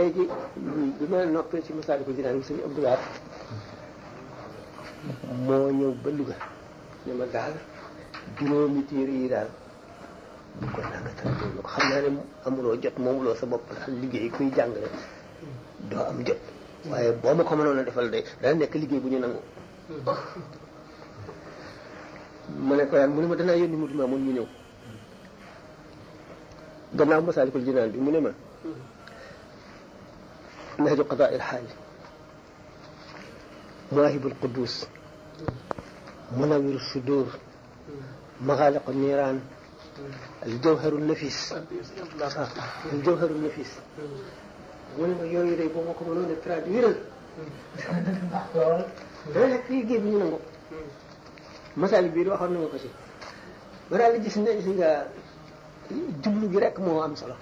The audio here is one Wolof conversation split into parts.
léegi bi ma noppee ci Masaalikul Jinaan sëñ Abdou Lahad moo ñëw ba Louga ne ma daal juróomi yi daal bu xam naa ne amuloo moomuloo sa bopp daal liggéey kuy jàngale doo am jot waaye de dana nekk liggéey bu ñu nangu ma ne ko daan mu mu dima mun ñu ñëw gannaaw Masaalikul Jinaan bi mu ne ma نهج قضاء الحاج مواهب القدوس منور الصدور مغالق النيران الجوهر النفيس الجوهر النفيس mun nga yooyu day boo ma ko mënoon a traduire lool dana nekk fii géej bi ñu nangu masal bii di waxoon na nga ko si ba daal gis ne gis nga jublu gi rek moo am solo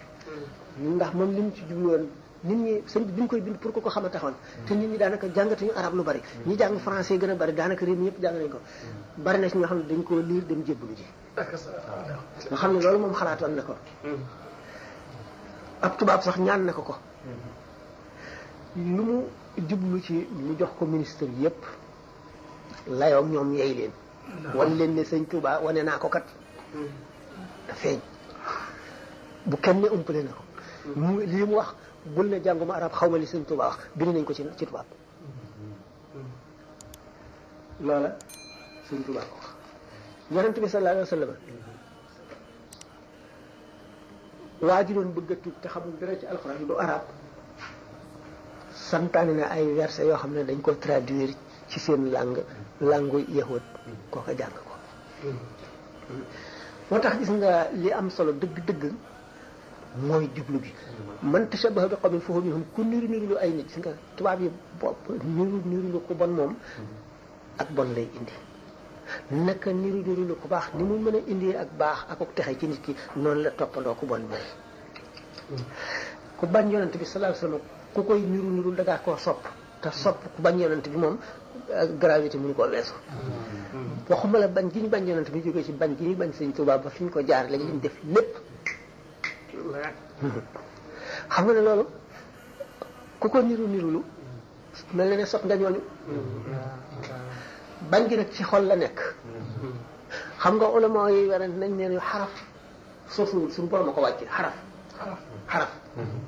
ndax moom li mu ci jublu woon nit ñi sëñ bi bi koy bind pour ko ko xam a taxoon te nit ñi daanaka jàngatuñu arab lu bari ñi jàng français gën a bari daanaka réew mi ñëpp jàng nañ ko bari na si ñoo xam ne dañ koo liir dem jébbalu ji nga xam ne loolu moom xalaatoon na ko ab tubaab sax ñaan na ko ko lu mu ci mu jox ko ministre yëpp layoom ñoom yey leen wan leen ne sëñ Touba wane naa ko kat feeñ bu kenn ne umpale na ko mu mu wax bul na jànguma arab xaw ma li sëñ Tuubaa wax bind nañ ko ci ci tubaab loola sëñ Tuubaa ko wax yonent bi sallallahu alayhi ji doon bëgg te xamul dara ci alxuraan du arab santaane na ay verset yoo xam ne dañ ko traduire ci seen langue langue yahud jàng ko moo tax gis nga li am solo dëgg-dëgg mooy jublu gi man tashabaha ko qawmin fahuwa minhum ku niru niru lu ay nit gis nga tubaab yi bopp niru niru lu ko bon moom ak bon lay indi naka niru niru lu ko baax ni mu mën a indi ak baax ak ak texe ci nit ki noonu la toppaloo ku bon mel ku bañ yonent bi sallallahu alayhi ku koy niru niru da ngaa koo te sopp ku bañ bi moom gravité mënu koo weesu waxuma la bañ gi ñu bañ yonent bi jógee ci bañ gi ñu bañ sëñ tubaab ba fi ñu ko jaar lañu def lépp xam nga ne loolu ku ko niru nirulu mel na ne sot nga ñooñu bañ gi nag ci xol la nekk xam nga ulama yi werante nañ neen yu xaraf soosu suñu borom a ko wàcce xaraf xaraf mm-hmm.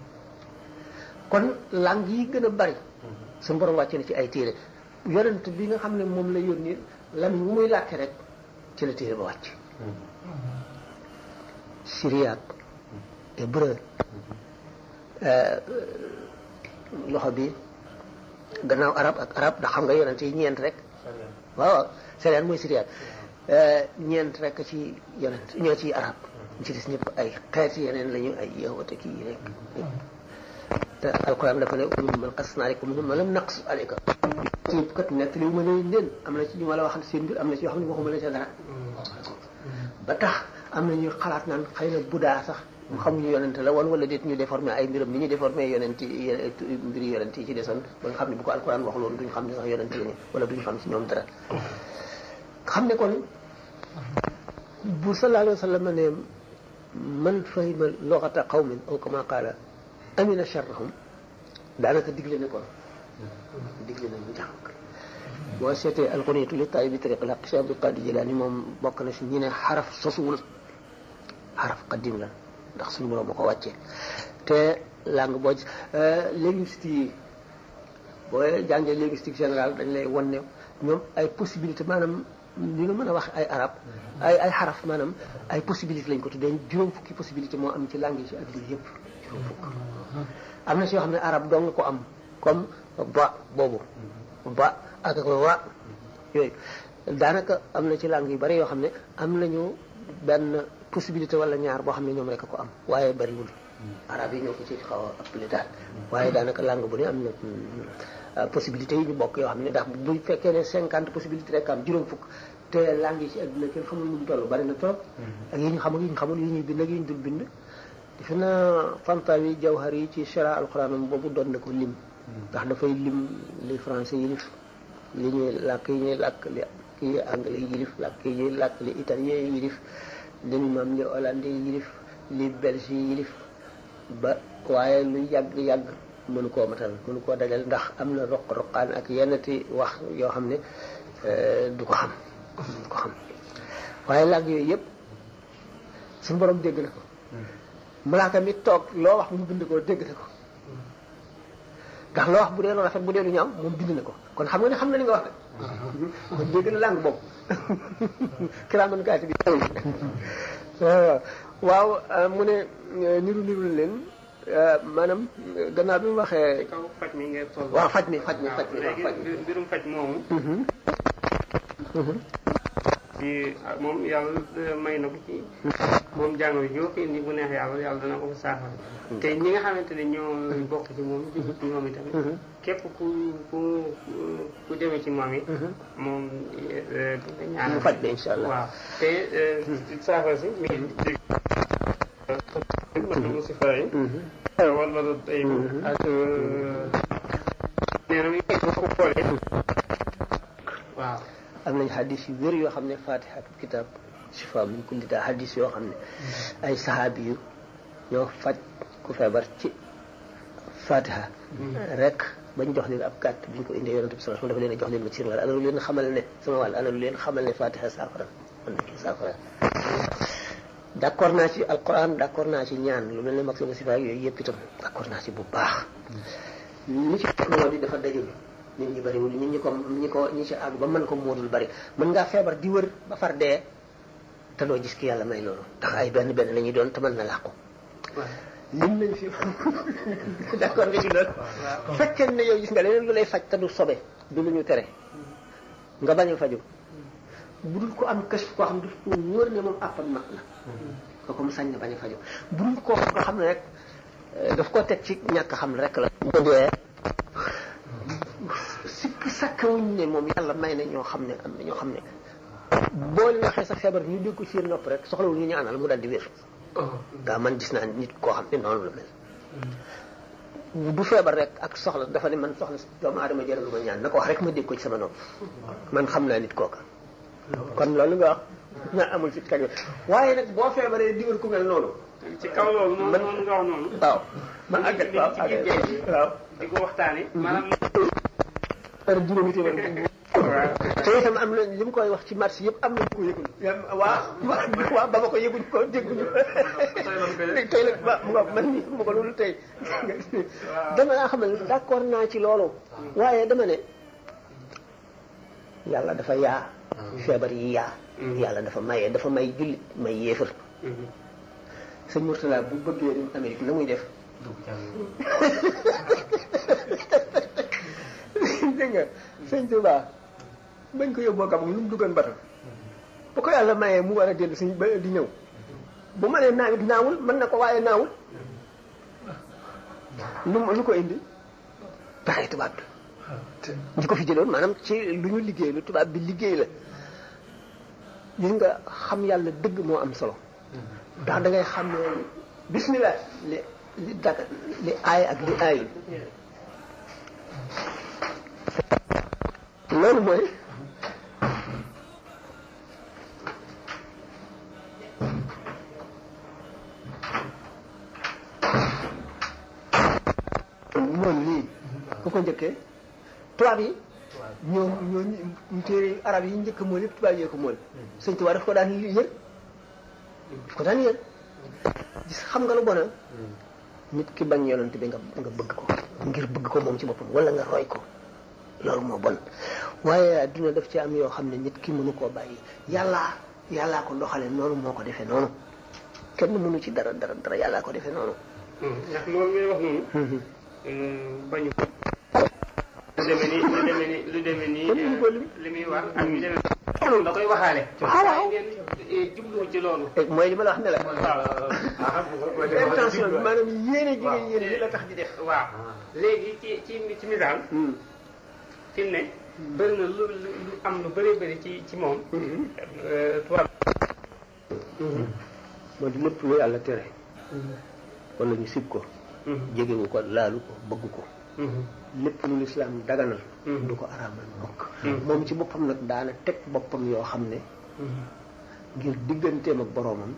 kon lang yi gën a bari mm-hmm. suñu borom wàccee na ci ay téere yonent bi nga xam ne moom la yónni lan mu muy làkke rek ci la téere ba wàcc mm-hmm. siriyaat te euh, loxo bi gannaaw arab ak arab na xam nga yonent yi ñeent rek waaw waaw mooy siriyaan euh, ñeent rek ci yonent ñoo ci arab ñu ci ñëpp ay xeeti yeneen lañu ay yahut ak yi rek te alquran dafa ne minhum man qassasnaa alayka minhum man lam naqsus alayka yëpp kat nekk li ma leen leen am na ci ñu ma la waxal seen mbir am na ci yoo xam ne waxuma la ca dara mm. ba am na ñuy xalaat naan xëy na budaa sax ñu xam ñu yonent la woon wala déet ñu déformé ay mbiram ni ñu déformé yonent yi mbiri yonent yi ci desoon ba nga xam ne bu ko alquran wax loolu duñ xam ne sax yonent lañu wala duñ xam ci ñoom dara xam ne kon bu sallallahu alayhi wa sallam ne man fahima lughata qawmin aw kama qaala amina sharrahum daanaka digle na kon digle na ñu jàng boo seetee alxunitu li taay bi tariq la Cheikh Abdul Qadir Jilani moom bokk na si ñu ne xaraf sosuwul xaraf qadim la ndax suñu borom ba ko wàccee te langue boo euh, linguiste yi boo jàngee linguistique générale dañ lay wan ne ñoom ay possibilité maanaam li nga mën a wax ay arab ay ay xaraf maanaam ay possibilité lañ ko tuddee juróom fukki possibilité moo am ci langue ci ak lii yëpp juróom fukk am na si yoo xam ne arab dong nga ko am comme ba boobu ba ak wa yooyu daanaka am na ci langue yu bari yoo xam ne am nañu benn possibilité wala ñaar boo xam ne ñoom rek ko am waaye bariwul. Hmm. arab yi ñoo ko ci xaw a ëppale daal. waaye daanaka langue bu ne am na hmm, possibilité yi ñu bokk yoo xam ne ndax bu fekkee ne cinquante rek am juróom fukk. te langue yi ci àdduna kenn xamul nu bari na trop. Hmm. ak yi ñu xamul yi ñu xamul yi ñuy bind ak yi ñu dul bind. defe naa Tantawi ci shara alxuraanam boobu doon na ko lim. ndax dafay lim li français yi li ñuy làkk yi ñuy làkk li kii anglais yilif ki yi làkk li italien yilif li mam li hollandais yilif li belge yilif ba waye lu yag yag mënu ko matal mënu ko dajal ndax am na rok rokan ak yenati wax yo xamne euh du ko xam du ko xam waaye làkk yooyu yëpp suñu borom deg na ko malaka mi tok lo wax mu bind ko deg na ko ndax lo wax bu de lo rafet bu de lu ñam mu bind na ko kon xam nga ni xam na li nga wax de kon dégg na langue boobu kiraaman kaati bi waaw euh, mu ne euh, niru niru leen euh, maanaam gannaaw bi mu waxee. mi ngeen toll. waaw faj mi faj mi faj mi waaw faj mi mbirum faj moomu. Mhm. Mhm. ci ah, moom yàlla eh, may na ko ci moom jàngoro joo fi indi bu neex yàlla yàlla dana ko fa saafara te ñi nga xamante ne ñoo bokk ci moom ci moom itam mm-hmm. képp ku ku ku demee ci moom yi mm-hmm. moom eh, eh, ñaan faj incha allah te mm-hmm. saafara si mu si fay wala day ak nee na mi ko xoolee am nañ xadis yu wér yoo xam ne fatiha ak kitaab shifa min kulli daa xadis yoo xam ne ay saxaabi yu ñoo faj ku feebar ci fatiha rek bañ jox leen ab carte bi ñu ko indee yonent bi sallallahu alayhi wasallam dafa lu leen xamal ne sama wàll ana lu leen xamal ne fatiha saafara man naa ci alquran d'accord ci ñaan lu mel ne mag sama a yooyu yëpp itam d'accord naa ci bu baax ci technologie dafa nit ñi bëriwul nit ñi ko ñi ko ñi ci àgg ba mën ko moodul bari mën ngaa feebar di wër ba far dee te doo gis ki yàlla may loolu ndax ay benn benn la ñuy doon te mën na làqu lim nañ fi d'accord nga ci loolu fekkee ne gis nga leneen lu lay faj te du sobe du lu ñu tere nga bañ a faju budul ko am kës koo xam daf ko wóor ne moom àppan mag la kooku mu sañ na bañ a faju budul koo xam ne rek eh, daf koo teg ci ñàkk xam rek la sikki sàkk wuñ ne moom yàlla may na ñoo xam ne am na ñoo xam ne boo leen waxee sa feebar ñu dégg ko ci nopp rek soxla wu ñu ñaanal mu daal di wér daa man gis naa nit koo xam ne noonu la mel bu feebar rek ak soxla dafa ne man soxla doomu aadama lu ma ñaan na ko wax rek ma dégg ko ci sama nopp man xam naa nit kooka kon loolu nga wax na amul fit kañ waaye nag boo feebaree di wér ku mel noonu ci kaw loolu noonu noonu nga wax noonu waaw man àggal waaw waaw di ko waxtaane maanaam par juróomi téeméer waaw am na li mu wax ci marché yëpp am na ñu ko ba ma ko yëguñ ko dégguñu. tey la ba mu nga man mii ma ko loolu tey. dama laa xamal ne naa ci loolu. waaye dama ne yàlla dafa yaa. Mm-hmm. feebar yi yaa. Mm-hmm. yàlla dafa may dafa may jullit may yéefar. Mm-hmm. sëñ Mourtala bu bëggee dem la muy def. dégg nga sëñ bañ ko yóbboo Gabon lu mu duggoon bato ko yàlla mayee mu war a dellu si ba di ñëw bu ma nee naawit naawul mën na ko waaye naawul lu lu ko indi pexe tubaab bi ñi ko fi jëloon maanaam ci lu ñu liggéey lu tubaab bi liggéey la gis nga xam yàlla dugg moo am solo ndax dangay ngay xam ne bismillah li li daga li loolu mooy moom lii ko njëkkee tubaab yi ñoo ñoo téere arab yi njëkk mool yëpp tubaab yee ko mool sëñ tubaab daf ko daan yër ko daan yër gis xam nga lu bona hmm. nit ki bañ yonent bi nga nga bëgg ko ngir bëgg ko moom ci boppam wala nga roy ko loolu moo bon waaye adduna daf ci am yoo xam ne nit ki mënu koo bàyyi yàllaa yàllaa ko doxale noonu moo ko defee noonu kenn mënu ci dara dara dara yàllaa ko defee noonu. Hmm, ndax loolu ngay wax noonu. Hmm, hmm. bañu ko. lu demee ni lu demee ni lu demee ni. li muy wax ak li demee ah, eh, eh, ma la wax ne la. waaw intention bi maanaam yéene jigéen yéene li la tax di def. waaw léegi ci ci ci misaal. fi bëri na lu lu am lu bëree bëri ci ci moom tubaab lépp lu yàlla tere mm-hmm. wala ñu sib ko mm-hmm. jegewu ko laalu ko bëgg ko mm-hmm. lépp lu lislaam daganal du ko araamal mokk moom ci boppam nag daana teg boppam yoo xam ne ngir digganteem ak boroomam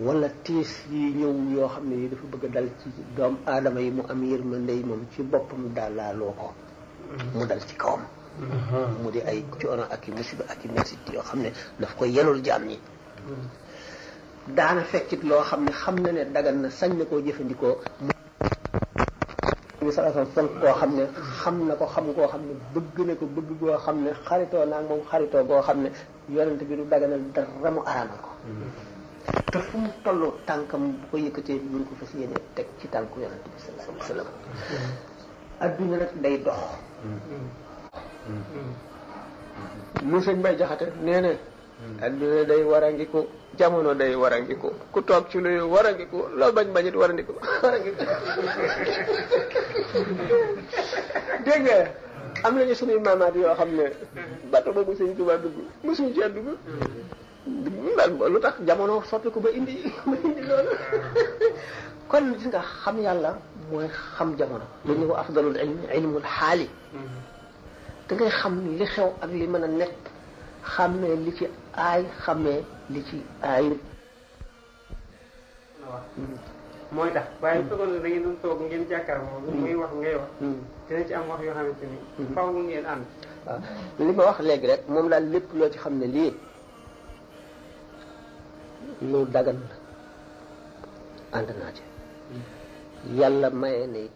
wala tiis yi ñëw yoo xam ne yi dafa bëgg dal ci doom aadama yi mu am yërmande ndey moom ci boppam laaloo ko mu dal ci kawam mu di ay coono ak i musiba ak i metit yoo xam ne daf koy yenul jaam ñi daana fekkit loo xam ne xam na ne dagan na sañ na koo jëfandikoo bi sa koo xam ne xam na ko xam koo xam ne bëgg na ko bëgg goo xam ne xaritoo naag moom xaritoo goo xam ne yonent bi du daganal dara mu araamal ko te fu mu toll tànkam bu ko yëkkatee mun ko fas yéene teg ci tànku yonent bi sallallahu alayhi wa sallam adduna nag day dox mu mm-hmm. mm-hmm. sëñ bay jaxate nee na mm-hmm. adduna day warangiku jamono day warangiku ku toog ci luy warangiku loo bañ bañit warangiku warangiku dégg nga am nañu suñuy maamaat yoo xam ne bato boobu sëñ Tuubaa dugg mosuñu ci dugg lu tax jamono soppiku ko ba indi loolu kon gis xam yàlla mooy xam jamono lu ñu ko afdalul ilmi ilmul xaali xam li li mën a nekk xàmmee li ci aay xàmmee li ci aayul mooy waaye mm. fekkoon da ngeen toog ngeen jàkkaarloo muy wax ngay wax mm. Mm. yoo xamante ni ngeen ànd waaw ah. ma wax léegi rek moom daal lépp loo ci xam ne lii lu dagan ànd yàlla may ne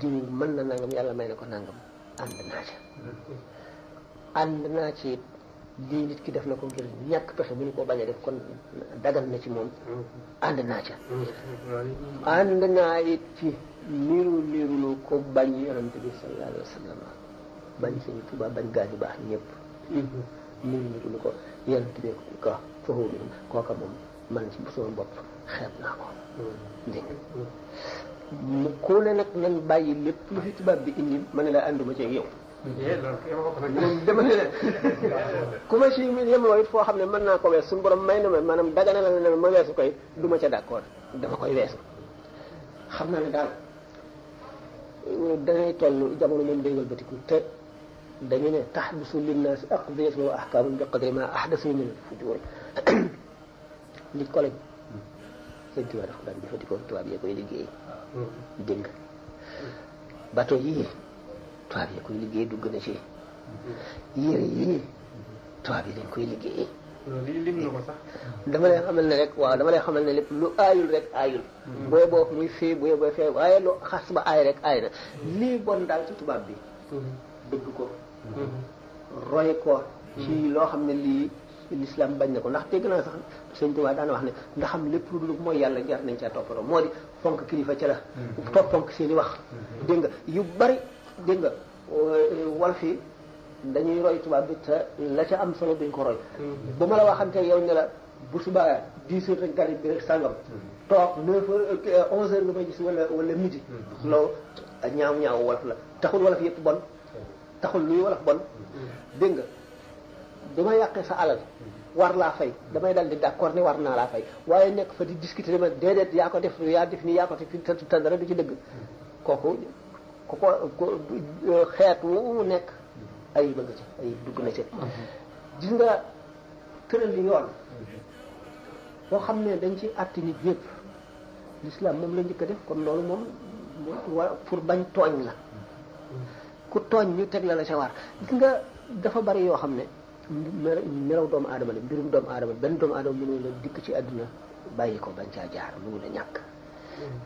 diw mën na nangam yàlla may na ko nangam ànd naa ca ànd naa ci it nit ki def na ko ngir ñàkk pexe bu ñu ko bañ a def kon dagan na ci moom ànd naa ca ànd naa it ci niru nirulu ko bañ yonent bi sallallahu alayhi wa sallam bañ Sëñ Tuubaa bañ gaa ñu baax ñëpp niru nirulu ko yonent bi ko foofu kooka moom man ci sama bopp xeeb naa ko dégg mu ku ne nag nañ bàyyi lépp lu fi tubaab bi indi ma ne la ànduma ci yow. moom dama ne leen ku ma ci yemoo it foo xam ne mën naa ko wees suñu borom may na ma maanaam dagana la ne ma weesu koy du ma ca d'accord dama koy weesu xam naa ne daal danay toll jamono moom day wëlbatiku te dañu ne tahdusu linnaasi aqdiyatun wa ahkaamun bi qadri ma ahdasu min al-fujuur nit ko lañ sëñ tubaab daf ko daan jëfandikoo tubaab yee koy liggéey dégg bateau yii tubaab yi koy liggéey dugg na ci yére yii tubaab yi dañ koy liggéey lii lim na ko sax. dama lay xamal ne rek waaw dama lépp lu aayul rek aayul. Hmm. booy boof muy fee booy booy fee waaye lu xas ba aay rek aay na lii bon daal ci tubaab bi. dëgg hmm. ko. Hmm. roy ko. ci loo xam ne lii lislaam bañ na ko ndax dégg naa sax sëñ Tuubaa daan wax ne ndax xam lépp lu dul mooy yàlla jar nañ caa toppatoo moo di fonk kilifa ca la. foofu mm-hmm. fonk wax. Mm-hmm. dégg nga yu bari dégg nga euh, wolof dañuy roy tubaab bi la ca am solo duñ ko roy. Mm-hmm. ba ma la waxante yow ne la bu subaa dix heures rek garib bi rek sàngam. toog neuf heures euh, onze heures nga may gis wala ñaaw euh, ñaaw wolof la taxul wolof yëpp bon. taxul luy wolof bon. dégg nga dama yàqee sa alal. war laa fay damay dal di d'accord ni war naa laa fay waaye nekk fa di discuter dama déedéet yaa ko def yaa def nii yaa ko def te dara du ci dëgg kooku ku ko xeet nekk ayib a nga dugg na ci gis nga tëral li yoon boo xam ne dañ ci àtti nit ñëpp l'islam moom lañ njëkk def kon loolu moom pour bañ tooñ la ku tooñ ñu teg la la sa war gis nga dafa bari yoo xam ne melaw doomu aadama la mbirum doomu aadama benn doomu aadama mënu la dikk ci àdduna bàyyi ko bañ caa jaar mënu la ñàkk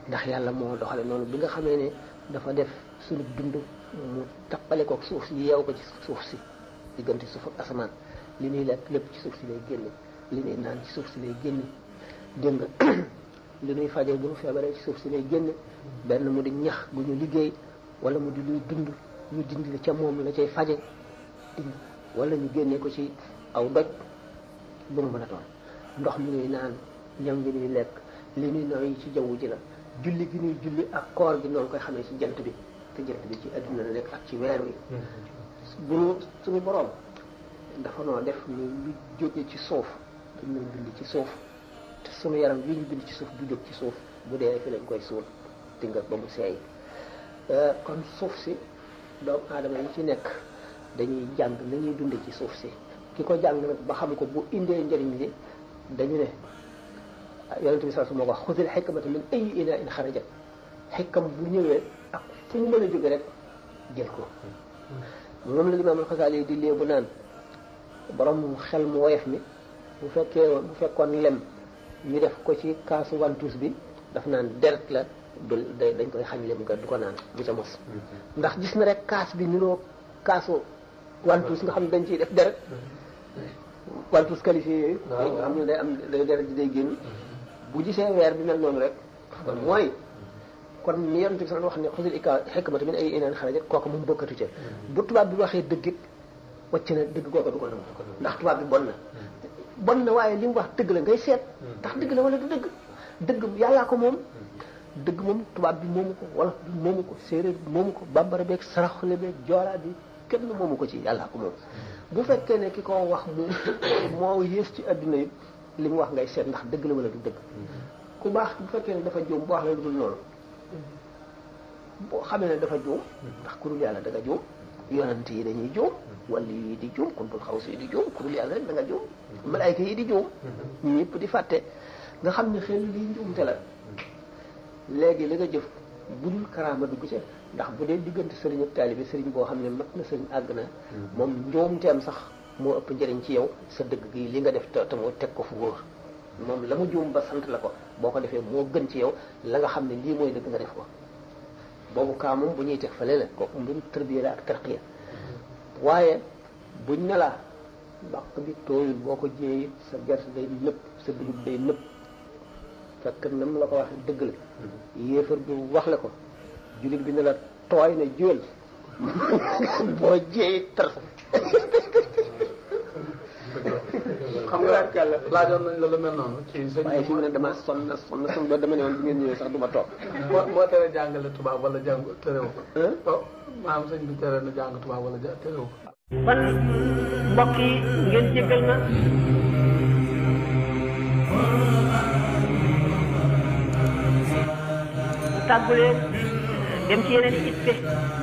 ndax yàlla moo doxale noonu bi nga xamee ne dafa def suñu dund mu tappale ko suuf si yeew ko ci suuf si diggante suuf asamaan li ñuy lekk lépp ci suuf si lay génne li ñuy naan ci suuf si lay génne dégg nga li fajee bu ñu feebaree ci suuf si lay génne benn mu di ñax bu ñu liggéey wala mu di luy dund mu dindi la ca moom la cay faje wala ñu génnee ko ci aw doj bu mu mën ndox mi ñuy naan ñam gi ñuy lekk li ñuy nooy ci jaww ji la julli gi ñuy julli ak koor gi noonu koy xamee ci jant bi te ci adduna la nekk ak ci weer wi bu ñu suñu boroom dafa noo def lu jóge ci suuf dañ leen bind ci suuf te suñu yaram yi ñu bind ci suuf du jóg ci suuf bu dee fi lañ koy suul dinga ba mu seey euh, kon suuf si doomu aadama yi ci nekk dañuy jàng nañuy dunde ci suuf si ki ko jàng nag ba xam ko bu indee njariñ li dañu ne yonente bi sa alayhi wasallam ko wax xudil xikmata min ayyi ina in xarajat bu ñëwee ak fu mu mën a jóge rek jël ko moom la limaam alxasaali di lee bu naan borom xel mu mi bu fekkee bu fekkoon lem ñu def ko ci kaasu wantus bi daf naan deret la du dañ koy xañ lem nga du ko naan bu ca mos mm-hmm. ndax gis na rek kaas bi niroo kaasu wantus nga xam ne dañ ciy def deret wantus qualifié yooyu nga xam ne day am day deret ji day génn bu gisee weer bi mel noonu rek kon ah, mooy kon ni yonent bi sax wax ne xusul ika xikmata min ay inaan xarajat kooku moom bokkatu ca hmm. bu tubaab bi waxee dëgg it wàcc dëgg kooku du ko nangu ndax tubaab bi bon na hmm. bon na waaye li mu wax dëgg la ngay seet hmm. ndax dëgg la wala du dëgg dëgg yàllaa ko moom dëgg moom tubaab bi moomu ko wolof bi ko séeréer bi moomu ko bambara beeg saraxule beeg joolaa bi kenn moomu ko ci yàlla ko moom bu fekkee ne ki ko wax mu moo yées ci adduna yi li mu wax ngay seet ndax dëgg la wala du dëgg ku baax bu fekkee ne dafa juum bu baax la dul noonu boo xamee ne dafa juum ndax ku dul yàlla da nga juum yonante yi dañuy juum wàllu yi di juum kuntul xaw si di juum ku dul yàlla rek da di juum ñu ñëpp di fàtte nga xam ne xel lii njuumte la léegi li nga jëf budul karaama dugg ca ndax bu dee diggante sëriñ ak taalibe sëriñ boo xam ne mat na sëriñ àgg na mm-hmm. moom njuumteem sax moo ëpp njëriñ ci yow sa dëgg gi li nga def te moo teg ko fu wóor moom la mu juum ba sant la ko boo ko defee moo gën ci yow la nga xam ne lii mooy dëgg nga def ko boobu kaa moom bu ñuy teg fa la kooku mbirum tërbiya la ak tarqiya mm-hmm. waaye buñ ne la bàq bi tooyul boo ko jiyee sa gerte day nëpp sa dugub day nëpp fekk na mu la ko waxee dëgg la yéefar bi wax la ko jullit bi ne la tooy na jël boo jeey tar xam nga kàlla laajoon nañ la lu mel noonu ci sëñ waaye fi mu ne dama sonn na sonn na sonn ba dama ne woon bu ngeen ñëwee sax du ma toog moo moo tere jàngale tubaab wala jàng terew ko oh, maanaam sëñ bi tere na jàng tubaab wala terew ko kon mbokk yi ngeen jéggal ma tàgguleen dem ci yeneen